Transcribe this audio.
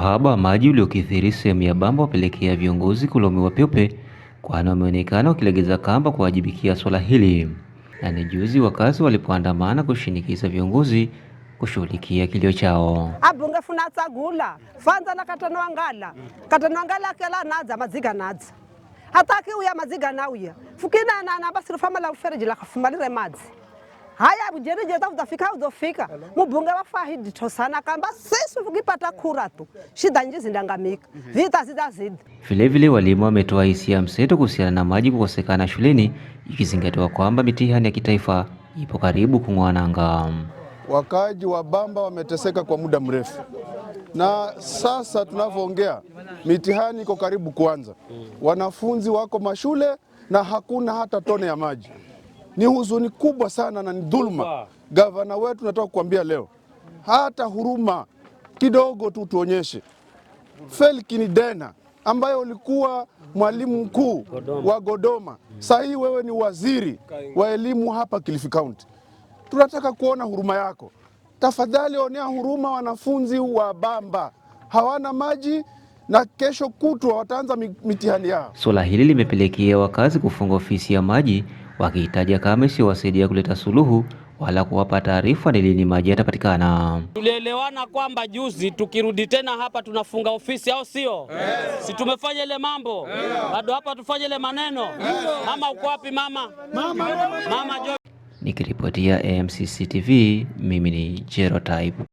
Uhaba wa maji uliokithiri sehemu ya Bamba wapelekea viongozi kulaumiwa peupe, kwani wameonekana wakilegeza kamba kuwajibikia swala hili. Na ni juzi wakazi walipoandamana kushinikiza viongozi kushughulikia kilio chao abunge funatsagula fanza na katano angala kela naza maziga naza hataki uya maziga nauya fukina na namba sirifama la ufereji la kafumalire madzi haya bujeni jeta utafika uzofika mubunge wa Fahid Tosana kamba sisi ukipata kura tu shida nyingi zindangamika mm -hmm. vita zitazidi vilevile. Walimu wametoa hisia mseto kuhusiana na maji kukosekana shuleni ikizingatiwa kwamba mitihani ya kitaifa ipo karibu kung'oa nanga. Wakaaji wa Bamba wameteseka kwa muda mrefu, na sasa tunavyoongea mitihani iko karibu kuanza, mm. wanafunzi wako mashule na hakuna hata tone ya maji. Ni huzuni kubwa sana na ni dhuluma. Gavana wetu, nataka kukuambia leo, hata huruma kidogo tu tuonyeshe. Felkin Dena ambaye ulikuwa mwalimu mkuu wa Godoma, saa hii wewe ni waziri wa elimu hapa Kilifi County. Tunataka kuona huruma yako. Tafadhali onea huruma wanafunzi wa Bamba, hawana maji na kesho kutwa wataanza mitihani yao. Suala hili limepelekea wakazi kufunga ofisi ya maji wakihitaji kama isiyowasaidia kuleta suluhu wala kuwapa taarifa ni lini maji yatapatikana. Tulielewana kwamba juzi tukirudi tena hapa tunafunga ofisi, au sio? Yes. Si tumefanya ile mambo bado? Yes. Hapa tufanye ile maneno. Yes. Mama uko wapi mama? Mama, mama, mama. Nikiripotia AMCC TV mimi ni Jero Type.